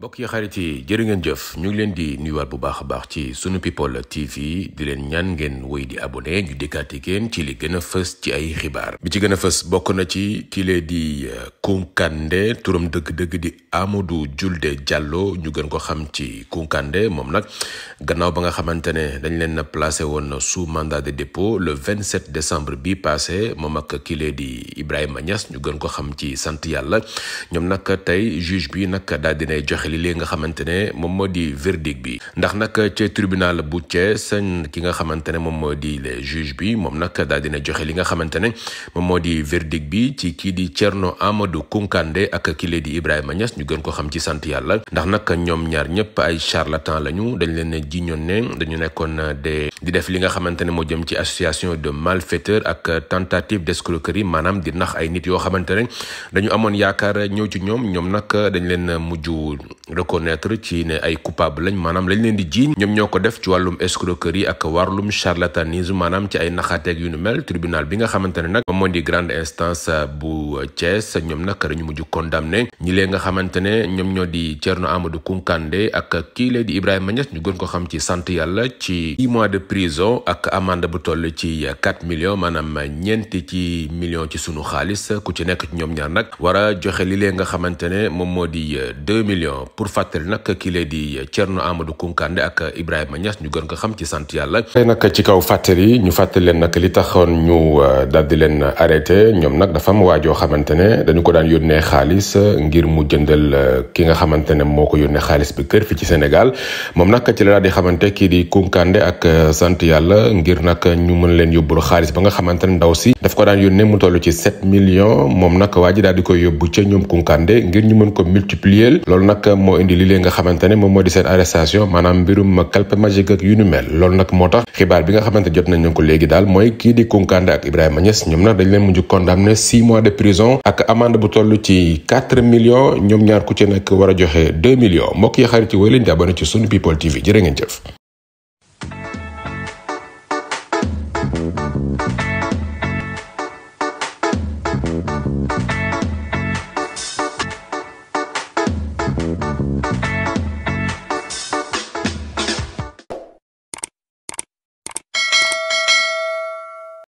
bokk yi xarit yi jërë ngeen jëf ñu ngi leen di nuyuwaat bu baax a baax ci sunu people TV di leen ñaan ngeen woy di abonné ñu dikkaati kenn ci li gën a fës ci ay xibaar bi ci gën a fës bokk na ci kile di euh, Kunkandé turam dëgg-dëgg di Amadou Julde Diallo ñu gën ko xam ci Kunkandé moom nag gannaaw ba nga xamante ne dañ leen placé woon sous mandat de dépôt le 27 décembre bi passé moom ak kile di Ibrahima Niass ñu gën ko xam ci sant yàlla ñoom nag tey juge joxe jottali li nga xamante ne moom moo di verdict bi ndax nag ca tribunal bu Thiès ki nga xamante ne moom moo di le juge bi moom nag daal dina joxe li nga xamante ne moom moo di verdict bi ci kii di Thierno Amadou Kunkande ak kile di Ibrahima Niass ñu gën ko xam ci sant yàlla ndax nag ñoom ñaar ñëpp ay charlatan lañu dañ leen a jiñoon ne dañu nekkoon de di def li nga xamante ne moo jëm ci association de malfaiteurs ak tentative d'escroquerie maanaam di nax ay nit yoo xamante ne dañu amoon yaakaar ñëw ci ñoom ñoom nag dañ leen mujj reconnaître ci ne ay coupable lañ maanaam lañ leen di jiiñ ñoom ñoo ko def ci wàllum escroquerie ak wàllum charlatanisme maanaam ci ay naxaateeg yu nu mel tribunal bi nga xamante ne nag moom moo di grande instance bu Thiès ñoom nag dañu mujj condamné ñi lee nga xamante ne ñoom ñoo di Thierno Amadou Kounkandé ak kii lee di Ibrahima Niass ñu gën ko xam ci sant yàlla ci dix mois de prison ak amende bu toll ci quatre millions maanaam ñeenti ci millions ci sunu xaalis ku ci nekk ci ñoom ñaar nag war a joxe li lee nga xamante ne moom moo di deux millions pour fàttali nag ki lee di Thierno amadu Kunkande ak Ibrahima Niass ñu gën ko xam ci sant yàlla. tey nag ci kaw fàttali ñu fàttali leen nag li taxoon ñu euh, daal di leen arrêté ñoom nag dafa am waajoo xamante ne dañu ko daan yónnee xaalis euh, ngir mu jëndal euh, ki nga xamante ne moo ko yónnee xaalis bi kër fi ci Sénégal moom nag ci la daal di xamante kii di Kunkande ak sant yàlla ngir nag ñu mën leen yóbbul xaalis ba nga xamante ne ndaw si daf ko daan yónnee mu toll ci 7 million moom nag waaj dal di koy yóbbu ca ñoom Kunkande ngir ñu mën ko multiplier moo indi li leen nga xamante ne moom moo di seen arrestation maanaam mbirum kalpe magique ak yu nu mel loolu nag moo tax xibaar bi nga xamante jot nañ ko léegi daal mooy kii di Kunkande ak Ibrahima Niass ñoom nag dañ leen mujj condamné six mois de prison ak amende bu toll ci quatre millions ñoom ñaar ku ci nekk war a joxe deux millions mbokk yi xarit yi woy leen di abonné ci sunu people tv jërë ngeen jëf